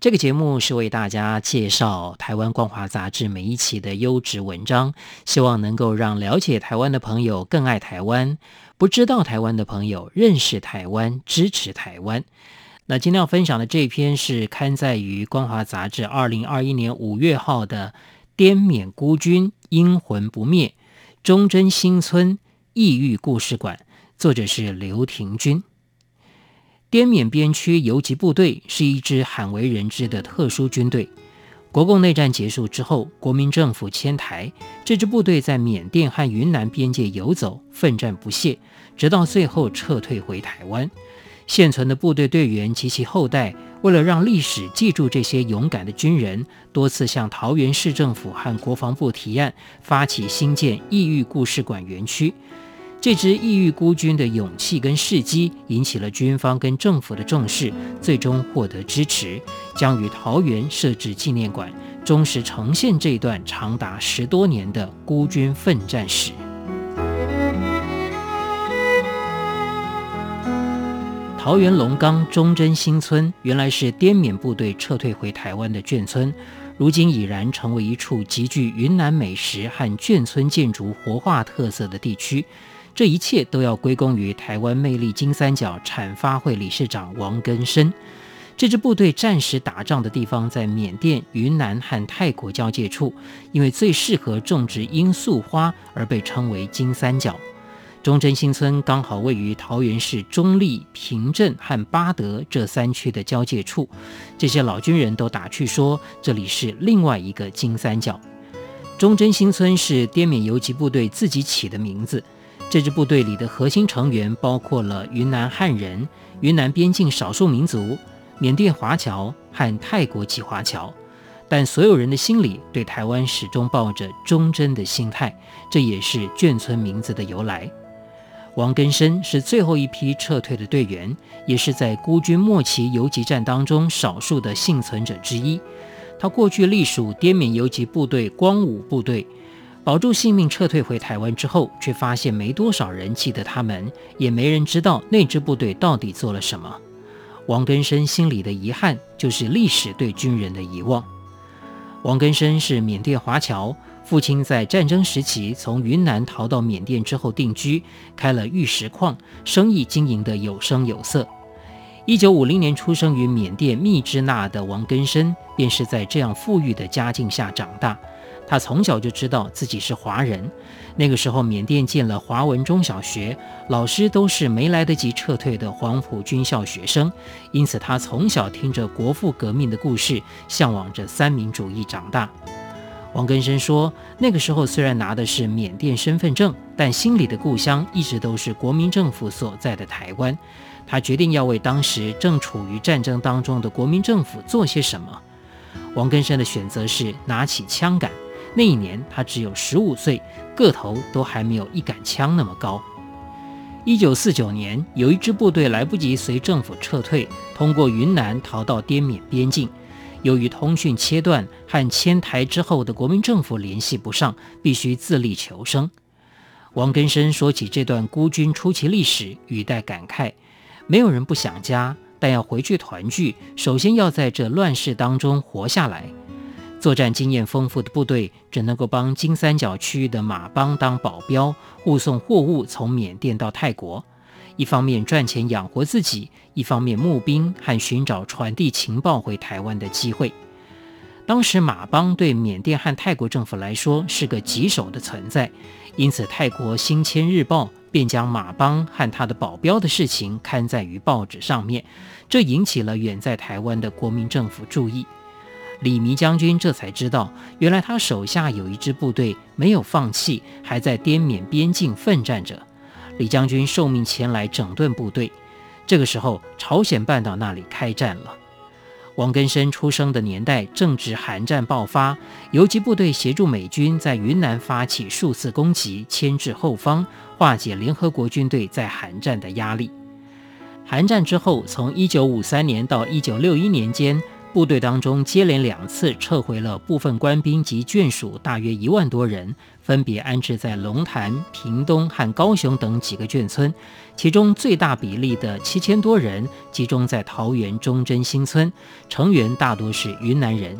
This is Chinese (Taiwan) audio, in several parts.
這個節目是為大家介紹台灣光華雜誌每一期的優質文章，希望能夠讓了解台灣的朋友更愛台灣，不知道台灣的朋友認識台灣，支持台灣。那今天要分享的這篇是刊載於《光華雜誌》二零二一年五月號的《滇緬孤軍英魂不滅》，忠貞新村異域故事館，作者是劉亭均。滇緬邊區游擊部隊是一支罕為人知的特殊軍隊。國共內戰結束之後，國民政府遷台，這支部隊在緬甸和雲南邊界游走，奮戰不懈，直到最後撤退回台灣。現存的部隊隊員及其後代，為了讓歷史記住這些勇敢的軍人，多次向桃園市政府和國防部提案，發起興建異域故事館園區。這支異域孤軍的勇氣跟事蹟引起了軍方跟政府的重視，最終獲得支持，將於桃園設置紀念館，忠實呈現這段長達十多年的孤軍奮戰史。桃園龍岡忠貞新村原來是滇緬部隊撤退回台灣的眷村，如今已然成為一處極具雲南美食和眷村建築活化特色的地區。這一切都要歸功於台灣魅力金三角產發會理事長王根生。這支部隊戰時打仗的地方在緬甸、雲南和泰國交界處，因為最適合種植罌粟花而被稱為金三角。忠貞新村剛好位於桃園市中壢、平鎮和八德這三區的交界處。這些老軍人都打趣說，這裡是另外一個金三角。忠貞新村是滇緬游擊部隊自己起的名字。這支部隊裡的核心成員包括了雲南漢人、雲南邊境少數民族、緬甸華僑和泰國籍華僑，但所有人的心裡對台灣始終抱着忠貞的心態，這也是眷村名字的由來。王根生是最後一批撤退的隊員，也是在孤軍末期游擊戰當中少數的幸存者之一。他過去隸屬滇緬游擊部隊光武部隊。保住性命，撤退回台灣之後，卻發現沒多少人記得他們，也沒人知道那支部隊到底做了什麼。王根生心裡的遺憾，就是歷史對軍人的遺忘。王根生是緬甸華僑，父親在戰爭時期從雲南逃到緬甸之後定居，開了玉石礦，生意經營得有聲有色。一九五零年出生於緬甸密支那的王根生，便是在這樣富裕的家境下長大。他從小就知道自己是華人。那個時候，緬甸建了華文中小學，老師都是沒來得及撤退的黃埔軍校學生，因此他從小聽着國父革命的故事，嚮往着三民主義長大。王根深說，那個時候雖然拿的是緬甸身份證，但心裡的故鄉一直都是國民政府所在的台灣。他決定要為當時正處於戰爭當中的國民政府做些什麼。王根深的選擇是拿起槍桿。那一年，他只有十五歲，個頭都還沒有一桿槍那麼高。一九四九年，有一支部隊來不及隨政府撤退，通過雲南逃到滇緬邊境。由於通訊切斷，和遷台之後的國民政府聯繫不上，必須自力求生。王根深說起這段孤軍初期歷史，語帶感慨：沒有人不想家，但要回去團聚，首先要在這亂世當中活下來。作戰經驗豐富的部隊，只能夠幫金三角區域的馬幫當保鏢，護送貨物從緬甸到泰國。一方面賺錢養活自己，一方面募兵和尋找傳遞情報回台灣的機會。當時馬幫對緬甸和泰國政府來說是個棘手的存在，因此泰國《星暹日報》便將馬幫和他的保鏢的事情刊載於報紙上面，這引起了遠在台灣的國民政府注意。李彌將軍這才知道，原來他手下有一支部隊沒有放棄，還在滇緬邊境奮戰着。李將軍受命前來整頓部隊。這個時候，朝鮮半島那裡開戰了。王根生出生的年代正值韓戰爆發，游擊部隊協助美軍在雲南發起數次攻擊，牽制後方，化解聯合國軍隊在韓戰的壓力。韓戰之後，從1953年到1961年間。部隊當中接連兩次撤回了部分官兵及眷屬，大約一萬多人，分別安置在龍潭、屏東和高雄等幾個眷村，其中最大比例的七千多人集中在桃園忠貞新村，成員大多是雲南人。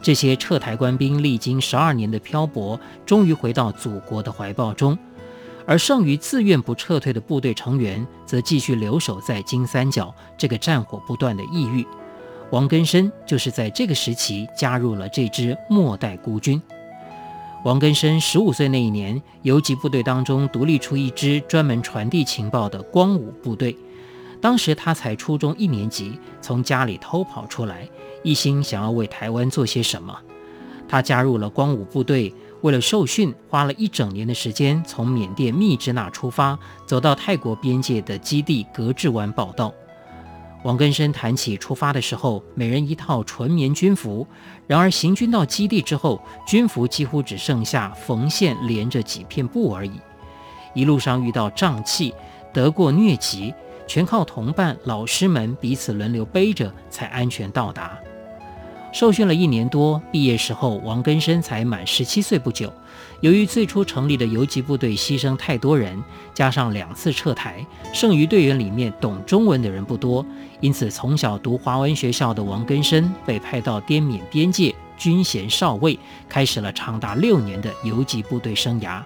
這些撤台官兵歷經十二年的漂泊，終於回到祖國的懷抱中，而剩餘自願不撤退的部隊成員則繼續留守在金三角這個戰火不斷的異域。王根生就是在這個時期加入了這支末代孤軍。王根生十五歲那一年，游擊部隊當中獨立出一支專門傳遞情報的光武部隊。當時他才初中一年級，從家裡偷跑出來，一心想要為台灣做些什麼。他加入了光武部隊，為了受訓，花了一整年的時間，從緬甸密支那出發，走到泰國邊界的基地格致灣報道。王根生談起出發的時候，每人一套純棉軍服。然而行軍到基地之後，軍服幾乎只剩下縫線連着幾片布而已。一路上遇到瘴氣，得過瘧疾，全靠同伴老師們彼此輪流背着才安全到達。受訓了一年多，畢業時候王根生才滿十七歲不久。由於最初成立的游擊部隊犧牲太多人，加上兩次撤台，剩餘隊員裡面懂中文的人不多，因此從小讀華文學校的王根生被派到滇緬邊界，軍銜少尉，開始了長達六年的游擊部隊生涯。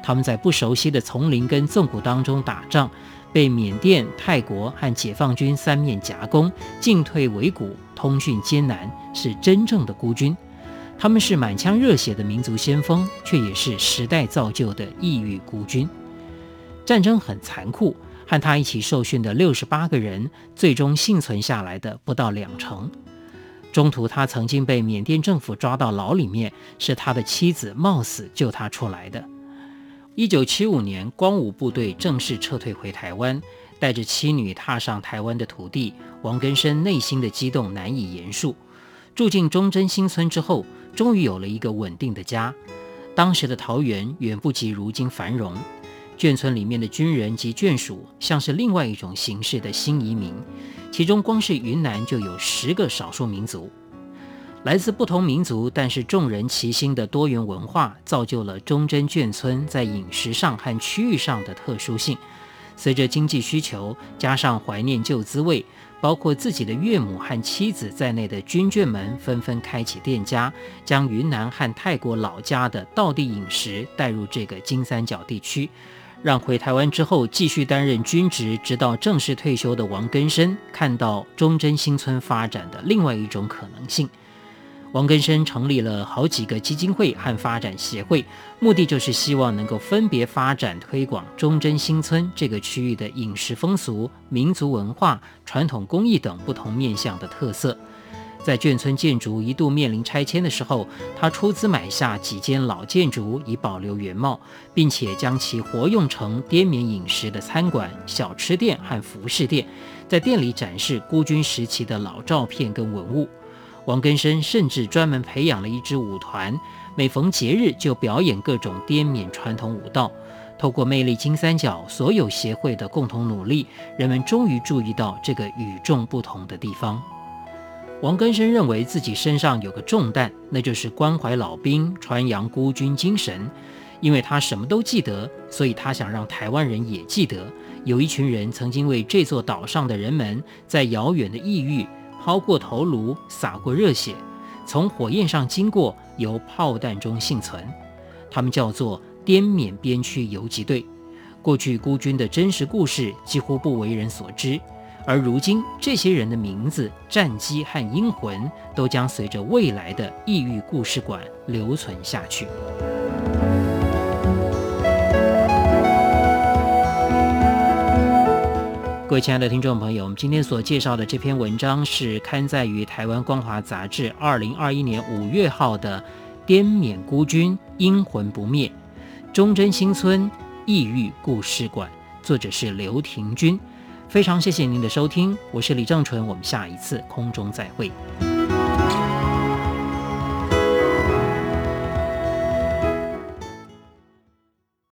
他們在不熟悉的叢林跟縱谷當中打仗。被緬甸、泰國和解放軍三面夾攻，進退維谷，通訊艱難，是真正的孤軍。他們是滿腔熱血的民族先鋒，卻也是時代造就的異域孤軍。戰爭很殘酷，和他一起受訓的六十八個人，最終倖存下來的不到兩成。中途，他曾經被緬甸政府抓到牢裡面，是他的妻子冒死救他出來的。一九七五年，光武部隊正式撤退回台灣，帶着妻女踏上台灣的土地。王根深內心的激動難以言述。住進忠貞新村之後，終於有了一個穩定的家。當時的桃園遠不及如今繁榮，眷村裡面的軍人及眷屬像是另外一種形式的新移民，其中光是雲南就有十個少數民族。來自不同民族，但是眾人齊心的多元文化，造就了忠貞眷村在飲食上和區域上的特殊性。隨着經濟需求，加上懷念舊滋味，包括自己的岳母和妻子在內的軍眷們紛紛開啟店家，將雲南和泰國老家的道地飲食帶入這個金三角地區，讓回台灣之後繼續擔任軍職直到正式退休的王根生，看到忠貞新村發展的另外一種可能性。王根深成立了好幾個基金會和發展協會，目的就是希望能夠分別發展推廣忠貞新村這個區域的飲食風俗、民族文化、傳統工藝等不同面向的特色。在眷村建築一度面臨拆遷的時候，他出資買下幾間老建築以保留原貌，並且將其活用成滇緬飲食的餐館、小吃店和服飾店，在店裡展示孤軍時期的老照片跟文物。王根生甚至專門培養了一支舞團，每逢節日就表演各種滇緬傳統舞蹈。透過魅力金三角所有協會的共同努力，人們終於注意到這個與眾不同的地方。王根生認為自己身上有個重擔，那就是關懷老兵、傳揚孤軍精神。因為他什麼都記得，所以他想讓台灣人也記得，有一群人曾經為這座島上的人們在的，在遙遠的異域。拋過頭顱，灑過熱血，從火焰上經過，由炮彈中倖存，他們叫做滇緬邊區游擊隊。過去孤軍的真實故事幾乎不為人所知，而如今這些人的名字、戰機和英魂都將隨着未來的異域故事館留存下去。各位親愛的聽眾朋友，我們今天所介紹的這篇文章是刊載於臺灣光華雜誌二零二一年五月號的《滇緬孤軍英魂不滅》，忠貞新村異域故事館，作者是劉亭均。非常謝謝您的收聽，我是李正淳，我們下一次空中再會。